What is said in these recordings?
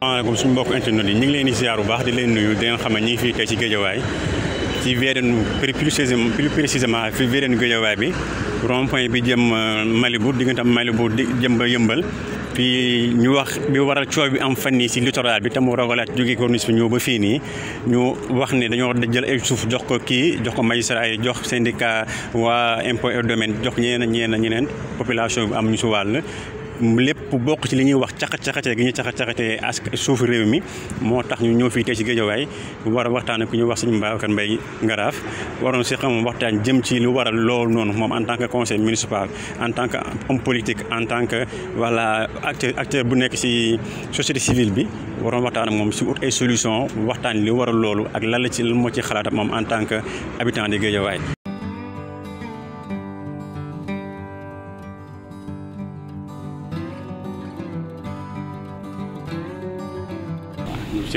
asalaamaaleykum suñu mbokk internet yi ñu ngi leen di ziar bu baax di leen nuyu di leen xam ne ñu ngi fii tey ci géejawaay ci VDN plus précisément fi VDN géejawaay bi rond point bi jëm euh, Malibu diggante am Malibu di jëm ba yëmbal fii ñu wax bi waral coow bi am fan nii si littoral bi tam mu rogalaat jóge corniche bi ñëw ba fii nii ñu wax ni dañoo jël ay suuf jox ko kii jox ko magistrat yi jox syndicat waa impôt et domaine jox ñeneen ñeneen ñeneen population bi am ñu si wàll lépp bokk ci li ñuy wax caxat-caxatee gi ñuy caxat-caxatee as suufu réew mi moo tax ñu ñëw fii tey ci géejawaay war a waxtaan ku ñuy wax sëñ Babacar Mbaye Ngaraaf waroon si xam waxtaan jëm ci lu waral loolu noonu moom en tant que conseil municipal en tant que homme politique en tant que voilà acteur acteur bu nekk ci société civile bi waroon waxtaan ak moom si ut ay solution waxtaan li waral loolu ak lan la ci lan moo ci xalaat moom en tant que habitant de géejawaay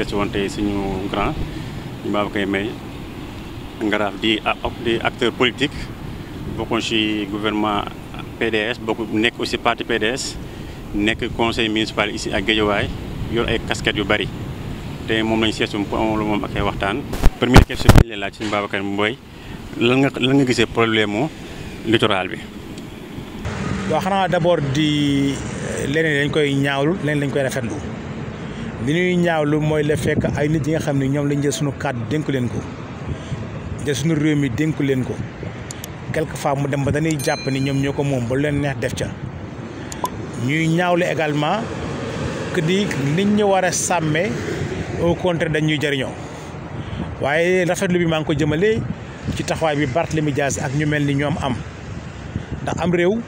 seet si woon tey suñu grand ñu Babacar Mbaye Ngaraaf di di acteur politique bokkoon ci gouvernement PDS bokk nekk aussi parti PDS nekk conseil municipal ici ak Guédiawaye yor ay kasket yu bari te moom lañu seet pour lu moom ak waxtaan. première question bi ñu leen laaj suñu Babacar nga lan gisee problème mu littoral bi. waaw xanaa d'abord di leneen dañ koy ñaawlu leneen dañ koy rafetlu. li ñuy ñaawlu mooy la fekk ay nit yi nga xam ne ñoom lañ jël suñu kàddu dénk leen ko jël suñu réew mi dénku leen ko quelque fois mu dem ba dañuy jàpp ni ñoom ñoo ko moom ba leen neex def ca ñuy ñaawlu également que di nit ñu war a sàmmee au contraire dañuy jariñoo waaye rafetlu bi maa ngi ko jëmale ci taxawaay bi Barthélémy Dias ak ñu mel ni ñoom am ndax am réew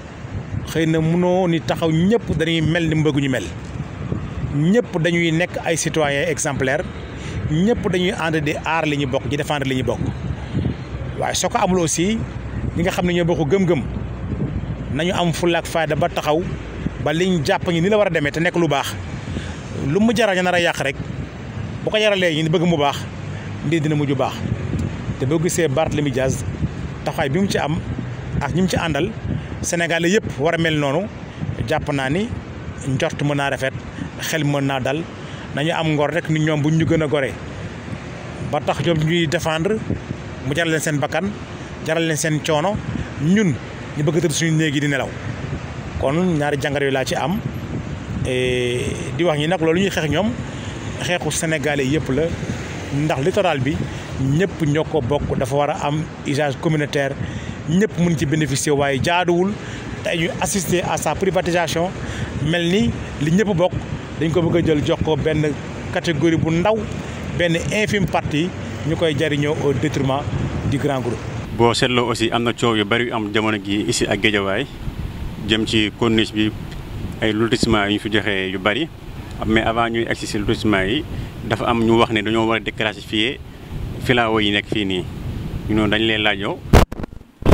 xëy na mënoo ni taxaw ñëpp dañuy mel ni mbëgg ñu mel. ñëpp dañuy nekk ay citoyens exemplaires ñëpp dañuy ànd di aar li ñu bokk di défendre li ñu bokk waaye soo ko amul aussi ñi nga xam ne ñoo bokk gëm-gëm nañu am fulaak fayda ba taxaw ba liñ jàpp ñi ni la war a demee te nekk lu baax lu mu jaral ñu nar a yàq rek boo ko jaralee ñu bëgg mu baax mbir dina mujj baax te boo la mi Dias taxawaay bi mu ci am ak ñi mu ci àndal Sénégalais yëpp war a mel noonu jàpp naa ni njort mën naa rafet. xel mën naa dal nañu am ngor rek ni ñoom buñ ñu gën a gore ba tax ñoom ñuy défendre mu jaral leen seen bakkan jaral leen seen coono ñun ñu bëgg tëdd suñu néegi di nelaw kon ñaari jàngar yu laa ci am di wax ñi nag loolu ñuy xeex ñoom xeexu sénégalais yëpp la ndax littoral bi ñëpp ñoo ko bokk dafa war a am usage communautaire ñëpp mun ci bénéficier waaye jaaduwul te ñu assister à sa privatisation mel ni li ñëpp bokk dañ ko bëgg a jël jox ko benn catégorie bu ndaw benn infime partie ñu koy jariñoo au détriment du grand groupe. boo seetloo aussi am na coow yu bari yu am jamono gi ici ak Guédiawaye jëm ci corniche bi ay lotissement yu ñu fi joxee yu bari mais avant ñuy agsi si lotissement yi dafa am ñu wax ne dañoo war a déclassifier filao yi nekk fii nii ñu dañ leen laajoo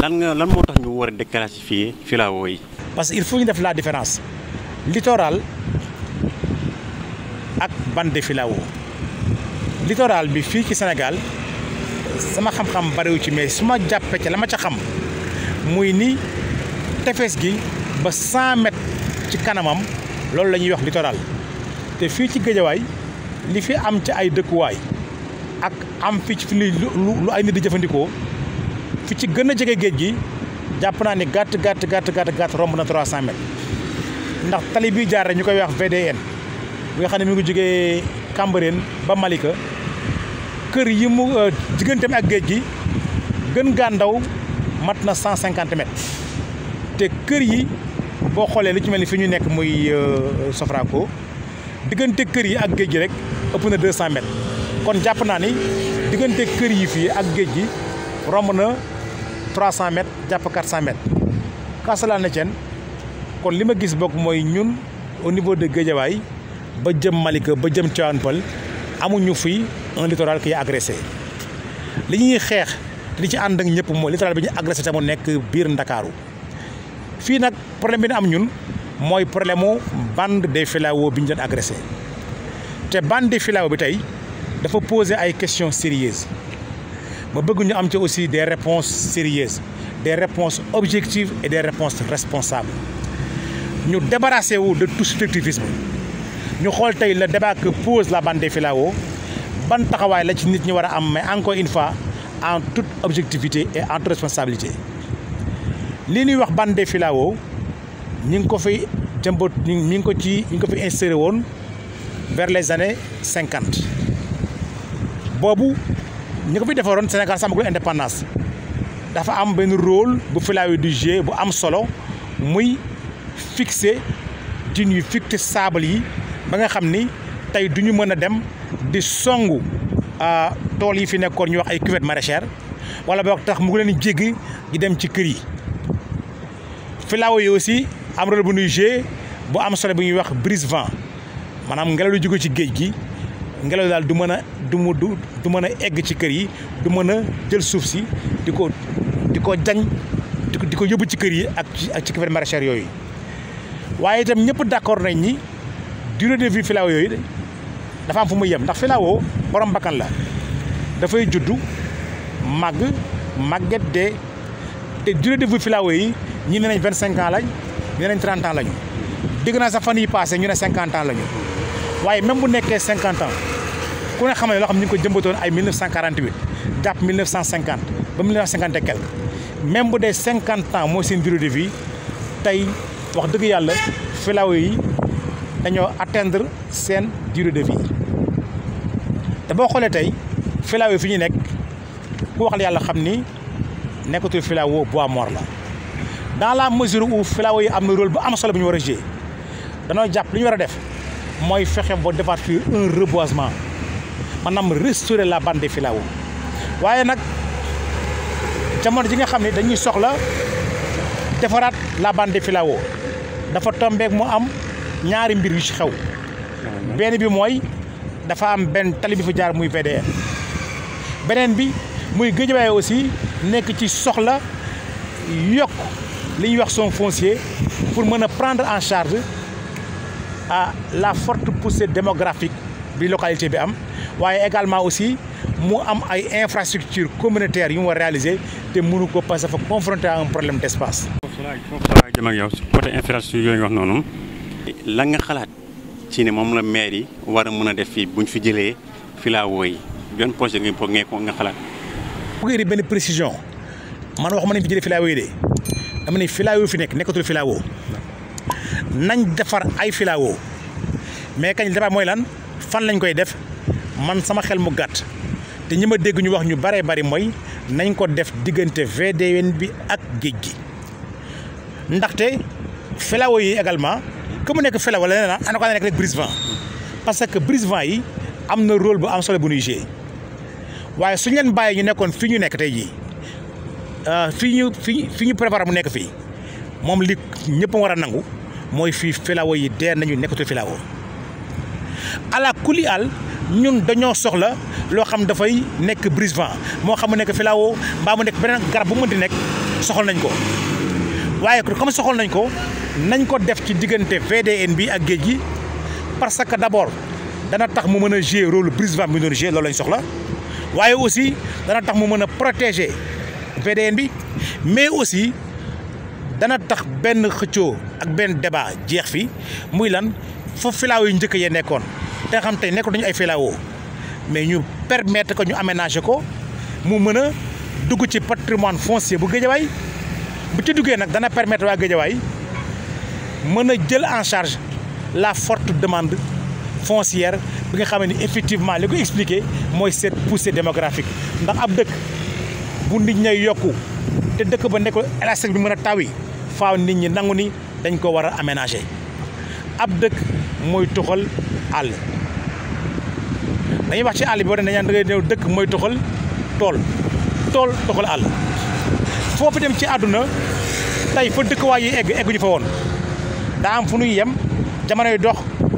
lan nga lan moo tax ñu war a déclassifier filao yi. parce que il faut ñu def la différence littoral. ak bande de filao bi fii ci Sénégal sama xam-xam bariwu ci mais su ma jàppee ca la ma ca xam muy ni tefes gi ba 100 ci kanamam loolu la ñuy wax littoral te fii ci Géejawaay li fi am ci ay dëkkuwaay ak am fi ci li lu ay nit di jëfandikoo fi ci gën a jege géej gi jàpp naa ni gàtt gàtt gàtt gàtt gàtt romb na 300 mètres ndax tali bi jaar ñu koy wax VDN. bi nga xam ne mi ngi jógee Cambérène ba Malika kër yi mu euh, digganteem ak géej gi gën gaa ndaw mat na 150 mètres te kër yi boo xoolee lu ci mel ni fi ñu nekk muy euh, Sofraco diggante kër yi ak géej gi rek ëpp na 200 mètres kon jàpp naa ni diggante kër yi fii ak géej gi romb na 300 mètres jàpp 400 mètres Kassalanetienne kon li ma gis bokk mooy ñun au niveau de géejawaay ba jëm Malika ba jëm Tivaouane Peulh amuñu fi un littoral qui est agressé li ñuy xeex te di ci ànd ak ñëpp mooy littoral bi ñu agressé te mu nekk biir Ndakaaru fii nag problème bi am ñun mooy problème mu bande des bi ñu doon agressé te bande des filaos bi tey dafa poser ay questions sérieuses ma bëgg ñu am ci aussi des réponses sérieuses des réponses objectif et des réponses responsables ñu débarrassé wu de tout subjectivisme ñu xool tey le débat que pose la bande des ban taxawaay la ci nit ñi war a am mais encore une fois en toute objectivité et en toute responsabilité li nuy wax bande des filao ñi ngi ko fi jëmbat ñi ngi ko ci ñi ngi ko fi inséré woon vers les années cinquante boobu ñi ko fi defaroon Sénégal ko indépendance dafa am benn rôle bu filao du jeu bu am solo muy fixer din yu fixer sable yi ba nga xam ni tey du ñu mën a dem di songu ah, tool yi fi nekkoon ñu wax ay cuvette maraîchère wala boog tax mu ngi leen jéggi di dem ci kër yi filaaw yi aussi am rôle bu ñuy jouer bu am solo bu ñuy wax brise vent maanaam ngelaw lu jóge ci géej gi ngelaw daal du mën a du mu du du mën a egg ci kër yi du mën a jël suuf si di ko di ko jañ di ko yóbbu ci kër yi ak ci ak ci cuvette maraîchère yooyu waaye itam ñëpp d'accord nañ ñi durée de vu filao yooyu dafa am fu mu yem ndax filao borom bakkan la dafay juddu màgg màgget de te durée de vie filao yi ñi ne nañ vingt cinq ans lañ ñi ne nañ trente ans lañu dégg naa sax fan yi passé ñu ne cinquante ans lañu waaye même bu nekkee cinquante ans ku ne xam ne loo xam ñu ngi ko jëmbatoon ay mille neuf cent quarante huit jàpp cinquante ba mille neuf cent cinquante quelque même bu dee cinquante ans moo seen durée de vie tey wax dëgg yàlla filao yi dañoo atteindre seen durée de vie te boo xoolee tey filaaw yi fi ñu nekk ku wax la yàlla xam ni nekkatul filaaw bois mort la dans la mesure où filaaw yi am na rôle bu am solo bu ñu war a jouer danoo jàpp lu ñu war a def mooy fexe ba defaat fii un reboisement maanaam restaurer la bande des filao waaye nag jamono ji nga xam ne dañuy soxla defaraat la bande des filao dafa tombeek mu am ñaari mbir yu ci xew benn bi mooy dafa am benn tali bi fa jaar muy VDN beneen bi muy Guédiawaye aussi nekk ci soxla yokk li ñuy wax son foncier pour mën a prendre en charge a la forte poussée démographique bi localité bi am waaye également aussi mu am ay infrastructures communautaires yu mu war réaliser te mënu ko parce que fa confronté à un problème d' espace. côté infrastructure yooyu wax noonu. la nga xalaat ci ne moom la maire yi war a mën a def fii buñ fi jëlee filaawo yi benn projet nga pour ko nga xalaat. bu ngeen di benn précision man waxuma nañ fi jëlee filaawo yi de dama ne filaawo fi nekk nekkatul filaawo nañ defar ay filaawo mais kañ dafa mooy lan fan lañ koy def man sama xel mu gàtt te ñi ma dégg ñu wax ñu baree bari mooy nañ ko def diggante VDN bi ak géej gi ndaxte filaawo yi également. que mu nekk fële wala leneen ah en tout cas nekk brise-vent parce que brise-vent yi am na rôle bu am solo bu ñuy waaye suñu leen bàyyee ñu nekkoon fi ñu nekk tey jii euh, fii ñu fii fii ñu mu nekk fii moom li ñëpp war a nangu mooy fii filao yi dee nañu nekkatu filao ala kulli al ñun dañoo soxla loo xam dafay nekk brise-vent moo xam mu nekk filao mbaa mu nekk beneen garab bu mën di nekk soxal nañ ko waaye comme soxal nañ ko. nañ ko def ci diggante VDN bi ak géej gi parce que d' abord dana tax mu mën a jouer rôle brise-vent bi doon jouer loolu lañ soxla waaye aussi dana tax mu mën a protéger VDN bi mais aussi dana tax benn xëcco ak benn débat jeex fi muy lan foofu filaaw yi njëkk yee nekkoon te xam tey nekkoon dañu ay filaawoo mais ñu permettre ko ñu aménager ko mu mën a dugg ci patrimoine foncier bu Géejawaay bu ci duggee nag dana permettre waa Géejawaay mën a jël en charge la forte demande foncière bi nga xam ne effectivement li ko expliqué mooy set poussée démographique ndax ab dëkk bu nit ñay yokku te dëkk ba nekk élastique bi mën a taw faaw nit ñi nangu ni dañ ko war a aménager ab dëkk mooy toxal àll dañuy wax ci àll bi war ne dañaan da ngay néew dëkk mooy toxal tool tool toxal àll foofu dem ci àdduna tay fa dëkkuwaay yi egg egguñu fa woon daa am fu ñuy yem jamonoy dox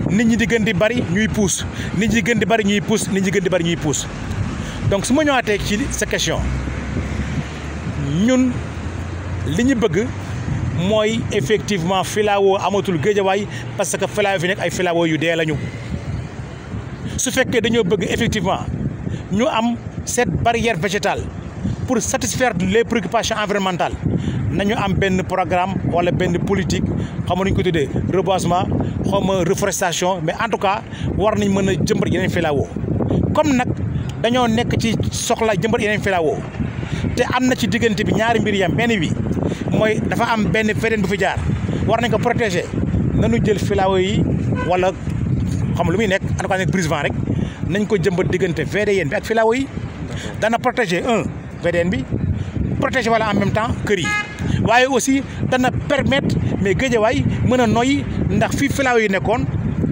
nit ñi di gën di bari ñuy puus nit ñi gën di bari ñuy puus nit ñi gën di bari ñuy puus donc su ma ñëwaatee ci sa question ñun li ñu bëgg mooy effectivement filao amatul géejawaay parce que filao fi nekk ay filao yu dee lañu su fekkee dañoo bëgg effectivement ñu am cette barrière végétale pour satisfaire les préoccupations environnementales nañu am benn programme wala benn politique xam nga ñu ko tuddee reboisement xaw ma reforestation mais en tout cas war nañ mën a jëmbat yeneen filao comme nag dañoo nekk ci soxla jëmbat yeneen filao te am na ci diggante bi ñaari mbir yam benn bi mooy dafa am benn feneen bu fi jaar war nañ ko protéger nañu jël filao yi wala xam lu muy nekk en tout rek nañ ko jëmbat diggante VDN bi ak filao yi dana protéger un VDN bi protéger wala en même temps kër yi waaye aussi dana permettre mais Guédiawaye mën a noyyi ndax fii filaaw yi nekkoon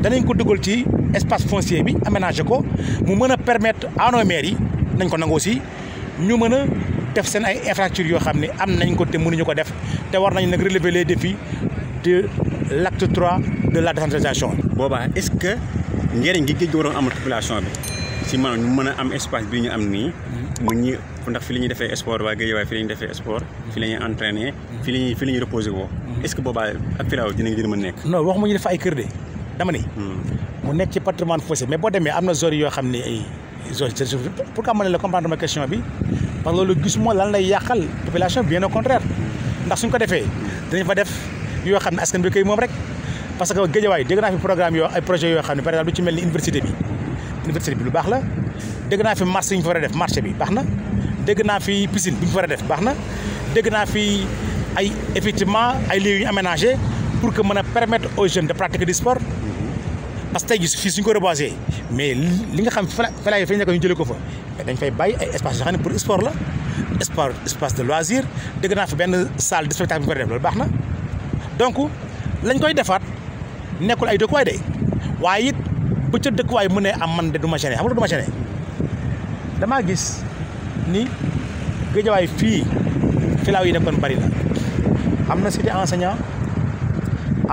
danañ ko dugal ci espace foncier bi aménager ko mu mën a permettre àndoo yi nañ ko nangu aussi ñu mën a def seen ay infrastructures yoo xam ni am nañ ko te ñu ko def te war nañ nag relever les défis de lacte acte trois de la décentralisation. boobaa est ce que njëriñ gi géej gi waroon amal population bi si maanaam ñu mën a am espace bi ñu am nii. mu ñi fi la ñuy defee sport waa Guédiawaye fi la ñuy defee sport fi la ñuy entraîner fi la ñuy fi reposer woo mhm. est-ce que boobaa ak Firaaw dinañ gën a mën nekk non waxuma ñu def ay kër de dama ni hmm. mu nekk ci patrimoine fossé mais boo demee am na zone yoo xam ne ay zone pourquoi ma ne la comprendre ma question bi parce que loolu gisuma lan lay yàqal population bien au contraire hmm. ndax suñ ko defee dinañ fa def yoo xam ne askan bi koy moom rek parce que Guédiawaye dégg naa fi programme projet yoo xam ne par exemple ni université bi université baax la dégg naa fi marché yi ñu fa def marché bi baax na dégg naa fi piscine bi ñu fa a def baax na dëgg naa fi ay effectivement ay lieux yu ñu aménagé pour que mën a permettre aux jeunes de pratiquer du sport parce que tey su fii suñu ko reboisé mais li nga xam felaay fa ñu nekk ñu jëlee ko fa dañ fay bàyyi ay espace yoo pour sport la sport espace de loisir dégg naa fi benn salle de spectacle bi ñu ko def loolu baax na donc lañ koy defaat nekkul ay dëkkuwaay de waaye it bu ca dëkkuwaay mu ne am man de du ma gêné dama gis ni géejawaay fii filaaw yi nekkoon bari na am na cité enseignant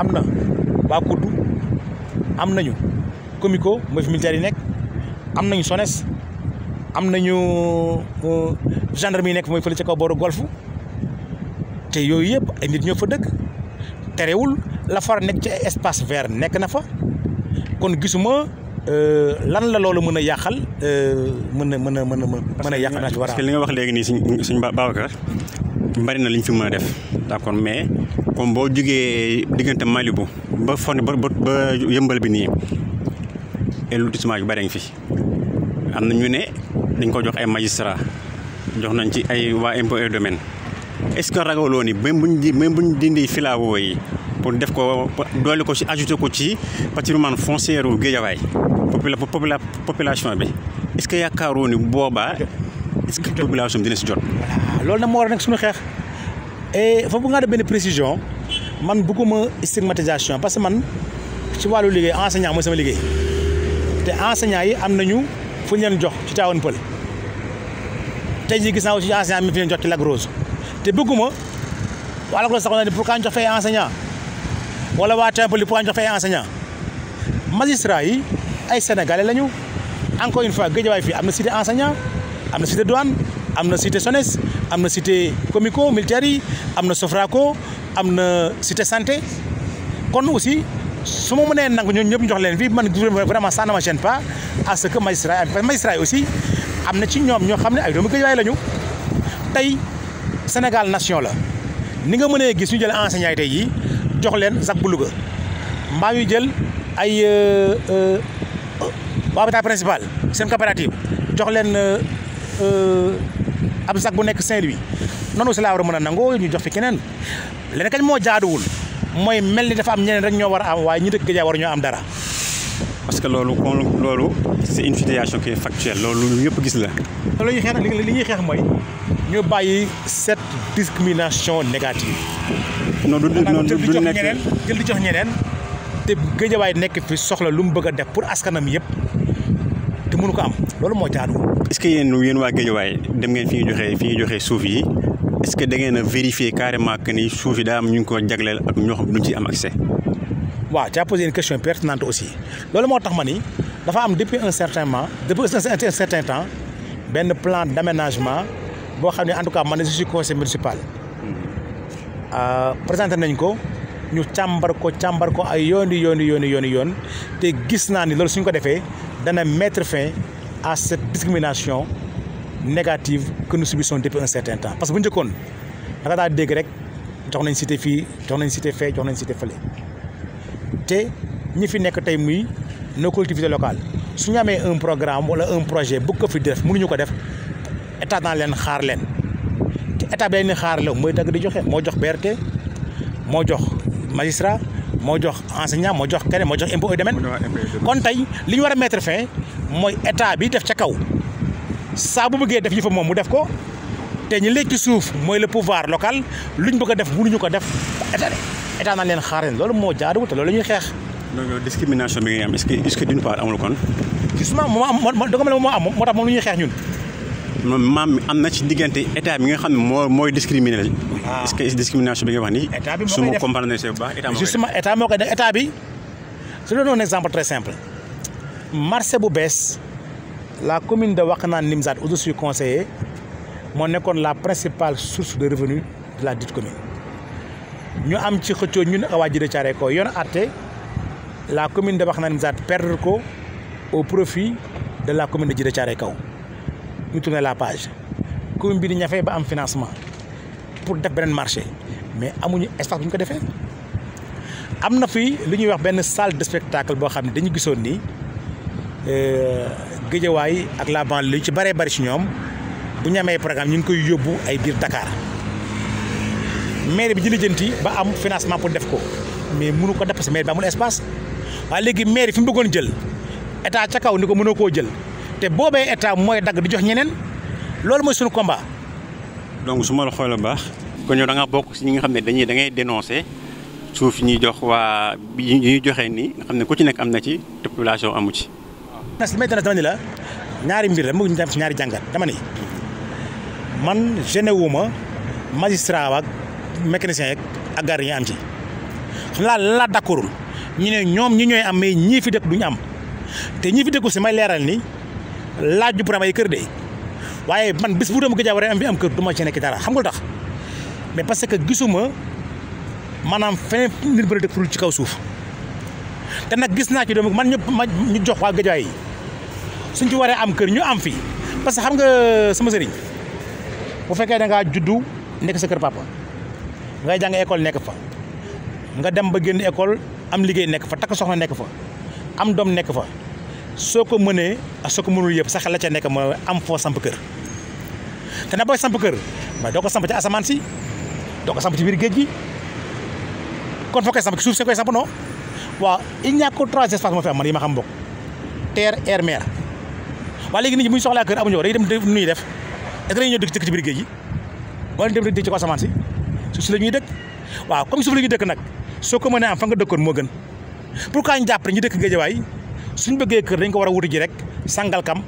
am na waa kuddu am nañu comico mooy fi yi nekk am nañu sones am nañu euh, gendarme yi nekk mooy fële ci kaw booru golf te yooyu yëpp ay nit ñoo fa dëkk terewul la far nekk ci espace vert nekk na fa kon gisuma Euh, lan la loolu mën a yàqal mën euh, na mën a mën a mën a yàq war parce que li nga wax léegi nii suñ suñ Babacar bari na liñ fi mën a def kon mais comme boo jugee diggante Malibu ba fon ba ba yëmbal bi nii et lotissement yu bari ngi fi am na ñu ne dañ ko jox ay magistrat jox nañ ci ay waa impôt et domaine est-ce que ragaloo ni même buñ di même dindi filawoo yi pour def ko doole ko ci ajouté ko ci patrimoine foncier wu Guédiawaye popula popula population bi est-ce que yaakaaroo ni boobaa. est-ce que population bi dina si jot. loolu nag moo war suñu xeex et foofu nga def benn précision man bëgguma stigmatisation parce que man ci wàllu liggéey enseignant mooy sama liggéey te enseignant yi am nañu fu ñu leen jox ci Tivaouane Peulh tey jii gis naa aussi enseignant mi fi leen jox ci Lac te bëgguma waa Lac Rose sax na ni pourquoi ñu jox fay enseignant wala waa Tivaouane Peulh pourquoi ñu jox fay enseignant magistrat ay sénégalais lañu encore une fois Guédiawaye fii am na cité enseignant am na cité douane am na cité SONES am na cité comico militaire yi am na sofraco am na cité santé kon aussi suma mu mënee nang ñoom ñëpp ñu jox leen fii man vraiment ça ne me gêne pas à ce que magistrat yi parce que am na ci ñoom ñoo xam ne ay doomu Guédiawaye lañu tey Sénégal nation la ni nga mënee gis ñu jël enseignant yi tey jii jox leen ZAC bu Louga mbaa jël ay. Euh, euh, waa hôpital principal seen coopérative jox leen euh, euh, ab sac bu nekk Saint-Louis noonu aussi laa war mën a nangoo ñu jox fi keneen leneen kañ moo jaaduwul mooy mel ni dafa am ñeneen rek ñoo war a am waaye ñi dëkk Géejawaay war ñoo am dara. parce que loolu kon loolu c'est une situation qui est factuelle loolu lu gis la. loolu ñuy xeex li ñuy xeex mooy ñu bàyyi cette discrimination négative. non du du nekk jël di jox ñeneen te Géejawaay nekk fi soxla lu mu bëgg def pour askanam yëpp. te ko am loolu moo jaaduwul. est-ce que yéen yéen waa Guédiawaye dem ngeen fi ñu joxee fi ñu joxee suuf yi est-ce que da ngeen a vérifier carrément que ni suuf yi daa am ngi ko jagleel ak ñoo xam duñ ci am accès. waaw tu as posé une aussi loolu moo tax ma ni dafa am depuis un certain moment depuis un certain temps benn plan d'aménagement boo xam ne en tout cas man je suis conseiller municipal. Hmm. Euh, présenté nañ ko ñu càmbar ko càmbar ko ay yoon yooni yooni yooni yoon te gis naa ni loolu suñ ko defee. dana mettre fin à cette discrimination négative que nous subissons depuis un certain temps parce que bu njëkkoon da nga daa dégg rek jox nañ cité fii jox nañ cité fee jox nañ cité fële te ñi fi nekk tey muy nos collectivités locales su ñu amee un programme wala un projet bëgg ko fi def ñu ko def état daan leen xaar leen te état bi leen xaar la mooy dagg di joxe moo jox berte moo jox magistrat moo jox enseignant moo jox keneen moo jox impôt et domaine kon tey li ñu war a mettre fin mooy état bi def ca kaw saa bu bëggee def yëfa moom mu def ko te ñu lekk suuf mooy le pouvoir local luñ bëgg a def ñu ko def état état naan leen xaareen loolu moo jaaduwul te loolu la ñuy xeex. donc euh, discrimination bi nga am est moo am moo moo tax moom lu ñuy xeex ñun. maam am na ci diggante état bi nga xam ne moo mooy ah. discrimination bi nga wax nii. moo koy def su ma comprendre ne c'est bu baax état moo koy def justement état bi. je donne un exemple très simple marché bu bees la commune de Wakhinane Nimzatt où auto suis conseiller moo nekkoon la principale source de revenu de la dite commune ñu am ci xëccoo ñu ak waa Djiddah Thiaroye Kao yoon àtte la commune de Wakhinane Nimzatt perdre ko au profit de la commune de Djiddah Thiaroye Kao ñu tourné la page commune bi di ñafee ba am financement pour def beneen marché mais amuñu espace bu ñu ko defee am na fi li ñuy wax benn salle de spectacle boo xam ne dañu gisoon ni euh, géejawaay ak la banlieue lu ci baree bëri ci ñoom bu ñu amee programme ñu ngi koy yóbbu ay biir Dakar maire bi di lijjanti ba am financement pour def ko mais munu ko def parce que maire bi amul espace waaye léegi maire fi mu bëggoon jël état ca kaw ni ko mënoo koo jël. te boobee état mooy dagg di jox ñeneen loolu mooy suñu combat. donc suma la xoolee baax. ko ñoo da bokk si ñi nga xam ne dañuy da ngay dénoncer suuf ñuy jox waa yi ñuy joxe ni nga xam ne ku ci nekk am na ci te amu ci. nas li may la ñaari mbir la mu ngi dem si ñaari jàngat dama man gêné wu ma magistrat ak mécanicien yeeg ak gardien am ci xam laa la d'accordul ñu ne ñoom ñi ñooy am mais ñii fi dëkk duñu am te ñii fi dëkku si may leeral ni. laaj ñu pour am ay kër de waaye man bis bu doon gëj a am bi am kër du ma ci nekk dara xam nga lu mais parce que gisuma maanaam feneen nit bëri ci kaw suuf te nag gis naa ci doom man ñu ma ñu jox waa Géejawaay yi suñ ci waree am kër ñu am fii parce que xam nga sama sëriñ bu fekkee da ngaa juddu nekk sa kër papa ngay jàng école nekk fa nga dem ba génn école am liggéey nekk fa takk soxna nekk fa am doom nekk fa. soo ko mënee ak soo ko mënul yëpp sax la cee nekk mooy am foo samp kër te na booy samp kër mais doo ko samp ci asamaan si doo ko samp ci biir géej gi kon foo koy samp ci suuf si koy samp non a yi ma xam bokk terre air mer waaye léegi bu ñu soxlaa kër amuñu ko dañuy dem nu ñuy def est-ce que dañuy ñëw dëkk ci biir géej gi wala dem dëkk ko asamaan si suuf si la ñuy dëkk waaw comme suuf la dëkk nag soo ko mënee am fa nga dëkkoon moo gën pourquoi ñu jàpp rek ñu dëkk géejawaay suñ bëggee kër dañ ko war a wuti ji rek Sangalkam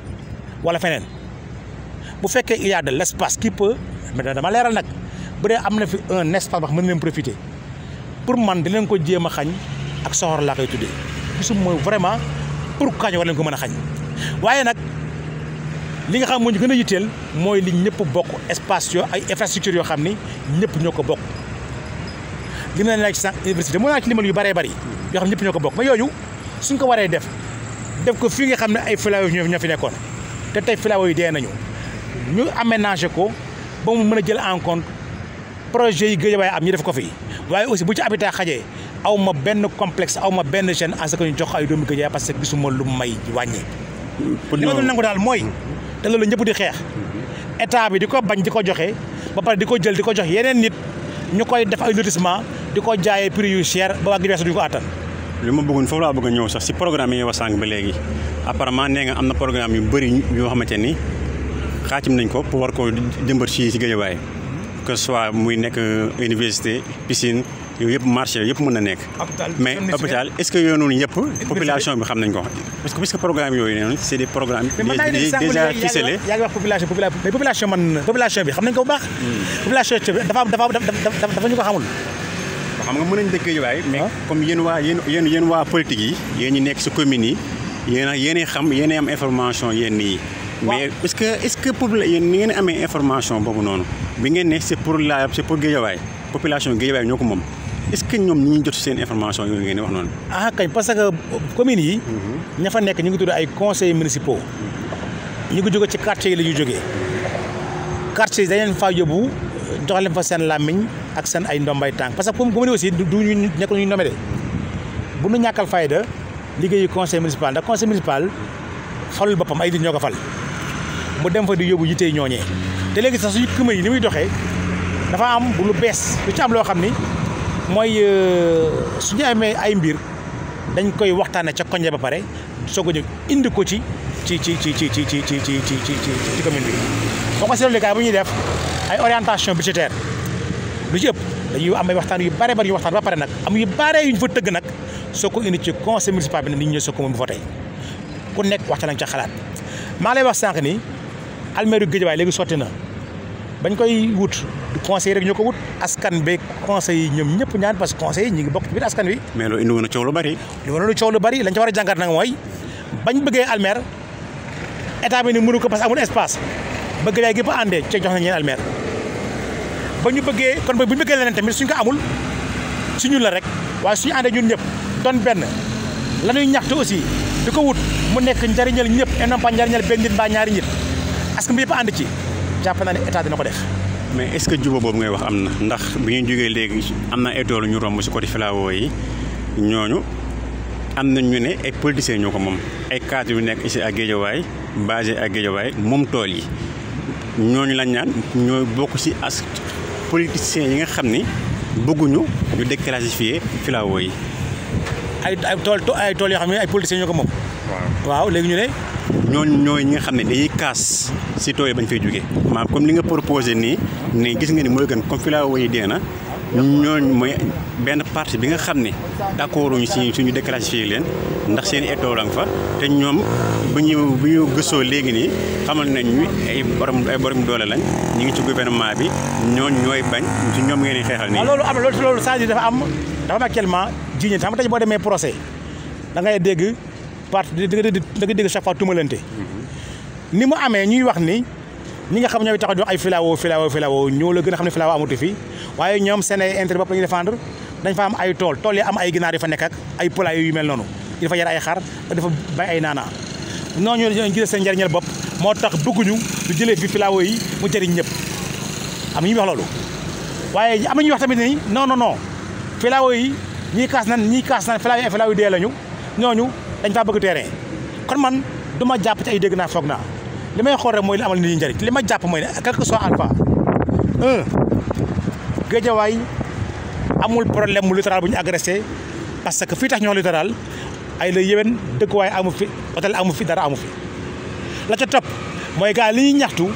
wala feneen bu fekkee il y a de l' espace qui peut mais dama leeral nag bu dee am na fi un espace wax mën leen profiter pour man di leen ko jéem a xañ ak soxor laa koy tuddee gisum mooy vraiment pour kañ war leen ko mën a xañ waaye nag li nga xam moo ñu gën a yitteel mooy li ñëpp bokk espace ay infrastructure yoo xam ni ñëpp ñoo ko bokk li mu ne la ci sànq université mën naa ci limal yu bëree bëri yoo xam ñëpp ñoo ko bokk mais yooyu suñ ko waree def def ko fii nga xam ne ay filao yi ñoo fi nekkoon te tey filao yi dee nañu ñu aménagé ko ba mu mën a jël en compte projet yi Guédiawaye am ñu def ko fi waaye aussi bu ci habitat xajee aw ma benn complexe aw ma benn chaîne à ce que ñu jox ay doomu Guédiawaye parce que gisuma lu may wàññi. li ma dul nangu daal mooy te loolu ñëpp di xeex état bi di ko bañ di ko joxe ba pare di ko jël di ko jox yeneen nit ñu koy def ay lotissement di ko jaayee pris yu cher ba waa Guédiawaye ko attan. li ma bëggoon foofu laa bëgg a ñëw sax si programme yi wax ba léegi apparemment nee nga am na programme yu bëri yoo xamante ni xaacim nañ ko pour war ko jëmbat si si Guédiawaye que ce soit muy nekk université piscine yooyu yëpp marché yëpp mën na nekk. mais hôpital est ce yooyu noonu yëpp. population bi xam nañ ko parce que puisque programme yooyu noonu c' est des programmes. déjà ficelés yaa ngi wax population population man population bi xam nañ ko bu baax. Hmm. population bi dafa dafa dafa ñu ko xam nga mën nañ dëkk Guédiawaye mais ah. comme yéen waa yéen yéen yéen waa politique yi yéen ñi nekk si communes yi yéen xam yéen am information yéen nii mais est que est-ce que problème yéen ni ngeen amee information boobu noonu bi ngeen ne c'est pour la c'est pour Guédiawaye population ñoo ko moom est que ñoom ñi jot seen information yooyu ngeen di wax noonu ah parce que euh, communes yi mhm. ña fa nekk ñu ngi tudd ay conseils municipaux mhm. ñu ngi jóge ci quartier yi la ñuy jógee quartier yi dañ leen yóbbu jox leen fa seen làmmiñ ak seen ay ndombay tànk parce que comme comme ni aussi du ñu nekk ñu nomé de bu nu ñàkkal fayda liggéeyu conseil municipal ndax conseil municipal falul boppam ay nit ñoo ko fal mu dem fa di yóbbu yitey ñooñee te léegi sax suñu këma yi ni muy doxee dafa am lu bees lu ci am loo xam ni mooy suñu amee ay mbir dañ koy waxtaane ca koñe ba pare soog a jóg indi ko ci ci ci ci ci ci ci ci ci ci ci commune bi boo ko seetlu kaay bu ñuy def ay orientation budgétaire lu ci ëpp dañuy am waxtaan yu bare bari ñu waxtaan ba pare nag am yu bare yu ñu fa tëgg nag soo ko indi ci conseil municipal bi ne nit ñi soo ko mën nañ ca xalaat maa lay wax sànq ni almeeru Guédiawaye léegi sotti na bañ koy wut conseil ko wut askan bi conseil yi ñoom ñëpp ñaan parce que conseil yi ñu ngi bokk ci biir askan wi. mais loolu indi woon na coow lu bari. li woon lañ ca war a jàngat nag mooy bañ bëggee almeer état bi ni mënu ko parce que amul espace ba Guédiawaye gépp àndee ca jox nañ leen almeer ba ñu bëggee kon ba bu ñu bëggee leneen tamit suñ ko amul suñu la rek waaye suñu àndee ñun ñëpp doon benn la ñuy ñaxte aussi di ko wut mu nekk njariñal ñëpp et non pas njariñal benn nit mbaa ñaari nit askan ànd ci jàpp naa ne état ko def. mais est-ce que juba boobu ngay wax am na ndax bi ñu jógee léegi am na ay tool ñu romb si côté filao yi ñooñu am na ñu ne ay politiciens ñoo ko moom ay cadres yu nekk ici ak Guédiawaye basé ak Guédiawaye moom tool yi ñooñu lañ naan ñooy bokk si as politiciens yi nga xam ni bëgguñu ñu déclassifier filao yi. ay ay tool ay tool yoo xam ne ay politiciens ñoo ko moom. waaw léegi ñu ne. ñooñu ñooy ñi nga xam ne dañuy kaas si tool bañ fay jógee. maanaam comme li nga proposé nii nii gis nga ni mooy gën comme filao yi dee na. ñooñu mooy benn parti bi nga xam ne d'accord ñu si suñu déclassifié leen ndax seen étoo la nga fa te ñoom bu ñu bu ñu gëstoo léegi nii xamal nañ ñu ay borom ay borom doole lañ ñu ngi ci gouvernement bi ñooñ ñooy bañ ci ñoom ngeen di xeexal nii. Ah, loolu am na loolu loolu saa dafa am dafa am actuellement jiiñante xam nga tey boo demee procès da ngay dégg parti da nga dégg chaque fois tumalante mhm. ni mu amee ñuy wax ni. ñi nga xam ñooy tax di wax ay filao filao filao ñoo la gën a xam ne filao amatu fi waaye ñoom seen ay intérêt bopp la dañ fa am ay tool tool yi am ay ginaar yu fa nekk ay poulailler yu mel noonu dafa yar ay xar dafa bay ay naana noonu ñoo gis seen bopp moo tax bëgguñu lu jëlee fi filao yi jëriñ ñëpp ñu wax loolu waaye am ñuy wax tamit ni non non non filao ñii kaas nan ñii kaas nan filao yi ay filao yu dee lañu dañ faa bëgg terrain kon man du ma jàpp ci ay dégg naa foog naa li may xool rek mooy li amal nit ñi njëriñ li ma jàpp mooy ne quel que alpha un géejawaay amul problème mu littoral bu ñu agressé parce que fii tax ñoo littoral ay la yéwén dëkkuwaay amu fi hôtel amu fi dara amu fi la ca mooy gaa li ñuy ñaxtu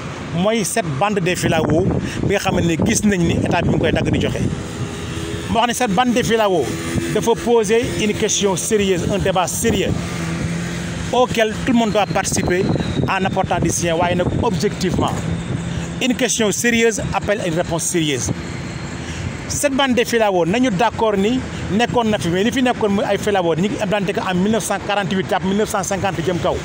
mooy set bande de filao bi nga xam ne gis nañ ni état bi mu koy dagg di joxe moo xam ne set bande de filao dafa poser une question sérieuse un débat sérieux auquel tout monde doit participer en apportant du sien waaye nag objectivement une question sérieuse appelle une réponse sérieuse cette bande de filao nañu d'accord ni nekkoon na fi mais li fi nekkoon muy ay filao ni ngi implanté ko en 1948 à 1950 jëm kaw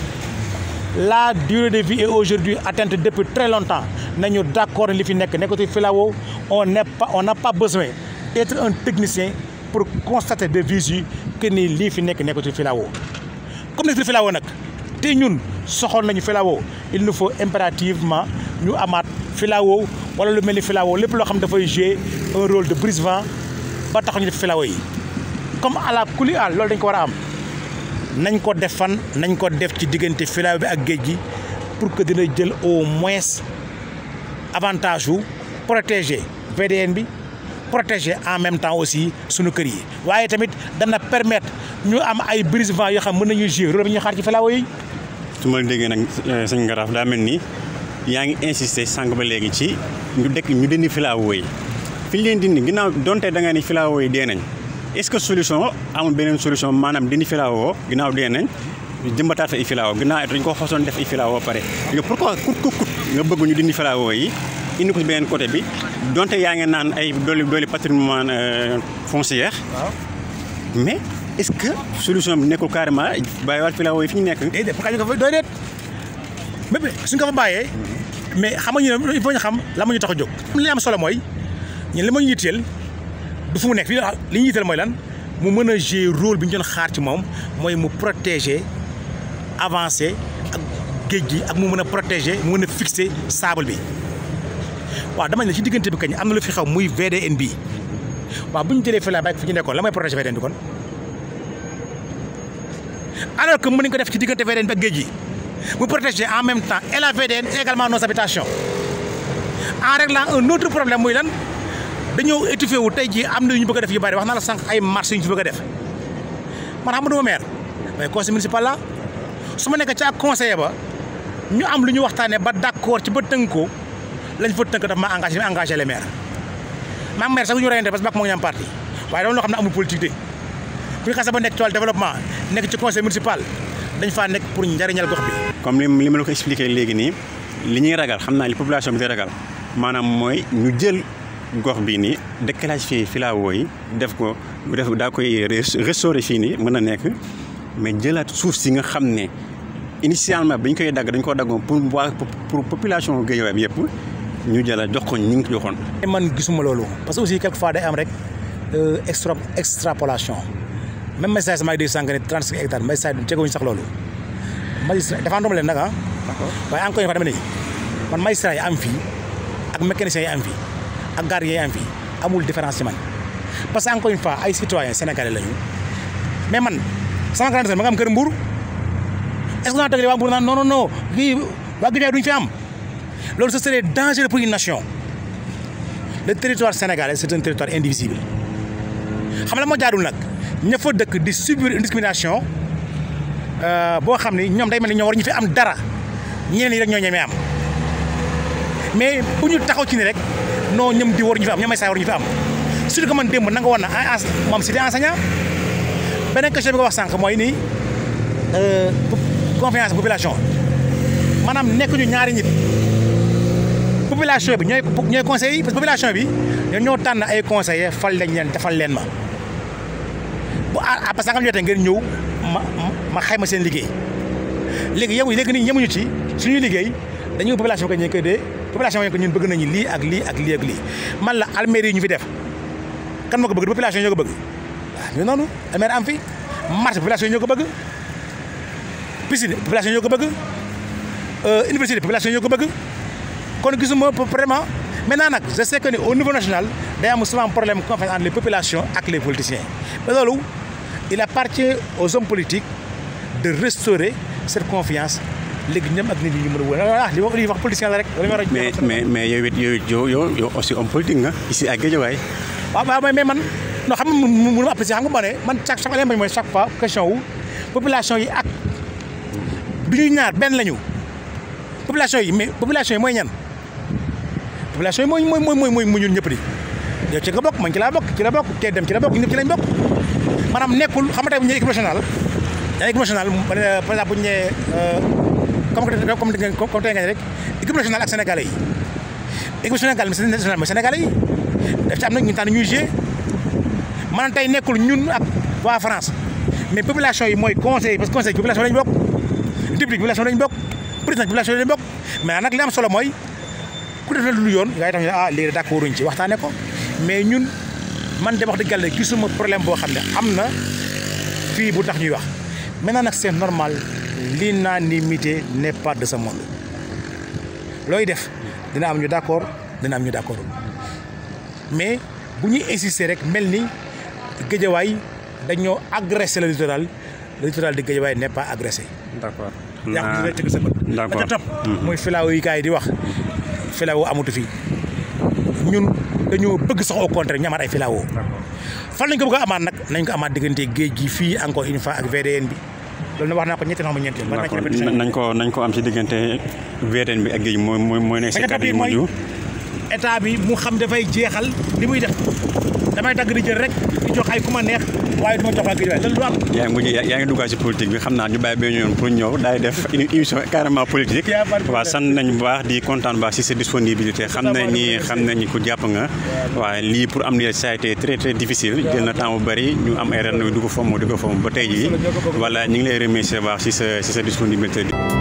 la durée de vie est aujourd'hui atteinte depuis très longtemps nañu d'accord ni li fi nekk nekkatu filao on n'est pas on n'a pas besoin d'être un technicien pour constater de visu que ni lii fi nekk nekkatu filao comme nekkatu filao nag te ñun soxoon nañu filao il nous faut impérativement ñu amaat filao wala lu mel ni filao lépp loo xam dafay jouer un rôle de brise-vent ba tax ñu def filao yi comme ala kuli al loolu dañ ko war am nañ ko def fan nañ ko def ci diggante filao bi ak géej gi pour que dina jël au moins avantage wu protégé VDN bi protéger en même temps aussi sunu kër yi waaye tamit dana permettre ñu am ay brise yoo xam mën nañu jouer rôle bi ñu xaar ci filao yi su ma déggee nag euh, sëñ Ngaraaf daa mel nii yaa ngi insisté sànq ba léegi ci ñu dëkk ñu dindi filaawo yi fi ñu leen dindi ginnaaw donte da nga ni filaawo yi dee nañ est-ce que solution amul beneen solution maanaam dindi filaawo ginnaaw dee nañ jëmbataat fa i filaawo ginnaaw dañ ko xosoon def i filaawo pare nga pourquoi kut kut kut nga bëgg ñu dindi filaawo yi indi ko beneen côté bi donte yaa ngi naan ay dooli dooli patrimoine euh, foncière mais est-ce que solution bi nekkul carrément bàyyiwaat filao yi fi ñu nekk. déedéet parce que ñu ko fa doy déet même suñ ko fa bàyyee mais xam nga ñu ne il xam la ma tax a jóg. li am solo mooy ñun li ma ñu yitteel du fu mu nekk fii li ñu yitteel mooy lan mu mën a jouer rôle bi ñu doon xaar ci moom mooy mu protéger avancer ak géej gi ak mu mën a protéger mu mën a fixer sable bi waaw dama ne ci diggante bi kañ am na lu fi xaw muy VDN bi waaw bu ñu jëlee filao ba fi ñu nekkoon la may protéger VDN bi kon. alors que mën nañu ko def ci diggante VDN ba géej gi bu protéger en même temps et la VDN également nos habitations en réglant un autre problème muy lan dañoo étouffé wu tey jii am na yu ñu bëgg a def yu bari wax na la sànq ay marché yu ñu fi bëgg a def man xam nga duma maire conseil municipal la su ma nekk ca ak ba ñu am lu ñu waxtaanee ba d'accord ci ba tënk ko lañ fa tënk daf ma engagé engagé les maires maa ngi maire sax ñu reyante parce que bak moo ngi am parti xam ne amul politique bu ñu xasee ba nekk ci nekk ci conseil municipal dañ faa nekk pour njariñal gox bi. comme li li ma la ko expliqué léegi nii li ñuy ragal xam naa li population bi di ragal maanaam mooy ñu jël gox bii nii déclassifié filao yi def ko def daa koy restauré fii nii mën na nekk mais jëlaat suuf si nga xam ne initialement bi ñu koy dagg dañ ko daggoon pour waa pour population Guédiawaye bi yëpp ñu jëlaat jox ko ñu ngi joxoon. man gisuma loolu parce que aussi quelque fois day am rek euh, extra extrapolation. même message maa ngi dégg sànq ne 35 hectares message bi tegewuñu leen nag ah. waaye encore une fois dama ne man magistrat yi am fii ak mécanicien yi am fii ak gardien amul différence parce que encore une fois ay citoyens sénégalais lañu mais man sama grande sœur ma nga kër Mbour est-ce que naa toog waa Mbour naan non non non lii waa Guédiawaye duñ fi am loolu ce serait dangereux pour nation le territoire sénégalais c'est un indivisible xam la ña dëkk di subir une discrimination euh, boo xam ni ñoom day mel ni ñoo war ñu fi am dara ñeneen ñi rek ñoo ñemee am mais bu ñu taxaw ci ni rek non ñoom di war ñu fi am ñoom ay saa war ñu fi am surtout que man démb na nga woon na ay ah, ah, moom si di enseignant beneen question bi nga wax sànq mooy nii euh, confiance population maanaam nekk ñu ñaari nit population bi ñooy ñooy conseil parce que population bi ñoo tànn ay conseillers fal lañ leen defal leen ma. bu à ba sangam ngeen ñëw ma ma xay ma seen liggéey léegi yow léegi nii ñemuñu ci suñuy liggéey dañuy population ko ñu koy dee population ko ñun bëgg nañu lii ak lii ak lii ak lii man yi ñu fi def kan ma ko bëgg population ñoo ko bëgg waaw ah, noonu almeri am fi marché population ko bëgg piscine population ñoo ko bëgg euh, université population ñoo ko bëgg kon gisuma vraiment maintenant nag je sais que ni au niveau national day am souvent problème conférence entre les populations ak les politiciens mais loolu il appartient aux hommes politiques de restaurer cette confiance léegi ñoom ak nit ñi ñu mën a wóor ah, li ma li wax politicien la rek. mais mais mais yow it yow it yow yow aussi homme politique nga. ici ak Guédiawaye. waaw waaw mais man non xam nga mu mu apprécier xam nga man chaque chaque élément mooy chaque fois question wu population yi ak du ñuy ñaar benn lañu population yi mais population yi mooy ñan population yi mooy mooy mooy mooy ñëpp di yow ci nga bokk man ci laa bokk ci la bokk kee dem ci la bokk ñëpp ci lañ bokk. maanaam nekkul xam nga tey bu ñu nee équipe nationale par exemple bu ñu euh, comme comme comme tey nga rek équipe nationale ak sénégalais yi équipe sénégal nationale mooy sénégalais yi daf ci am na ñu tànn ñuy jouer maanaam tey nekkul ñun ak waa France mais population yi mooy conseil parce que conseil population dañu bokk député population dañu bokk président population dañu bokk mais nag li am solo mooy ku def la lu yoon yaa ngi tax ñu ne ah léegi d'accord ñu ci waxtaanee ko man de wax dëgg yàlla gisuma problème boo xam ne am na fii bu tax ñuy wax mel maintenant nag c'est normal lii l'unanimité n'est pas de ce monde looy def dina am ñu d'accord dina am ñu d'accord mais bu ñuy insister rek mel ni géejawaay dañoo agressé le littoral le littoral de géejawaay n'est pas agressé. d'accord yaa ngi teg sa bët. mooy filaaw yi kaay di wax filaaw amatu fii ñun. dañoo bëgg sax au contraire ñu ay filao fan lañ ko bëgg a amaat nag nañ ko amaat diggante géej gi fii encore une fois ak VDN bi loolu nag wax naa ko ñetti xam ñeenti nañ ko nañ ko am si diggante VDN bi ak géej mooy mooy nekk si kàddu yu état bi mu xam dafay jeexal li muy def damay dagg di jël rek di jox ay ku ma neex yaa ngi mujj si politique bi xam naa ñu bàyyi ba ñëwoon pour ñëw daay def une émission carrément politique. waaw sant nañu baax di kontaan bu baax si sa disponibilité. xam nañ ni xam nañ ku jàpp nga. waaw lii pour am ni ça a été très très difficile jël na temps bu bëri ñu am ay ren di ko fomm di ko fomm ba tey jii. voilà ñu ngi lay remercier si sa si sa disponibilité.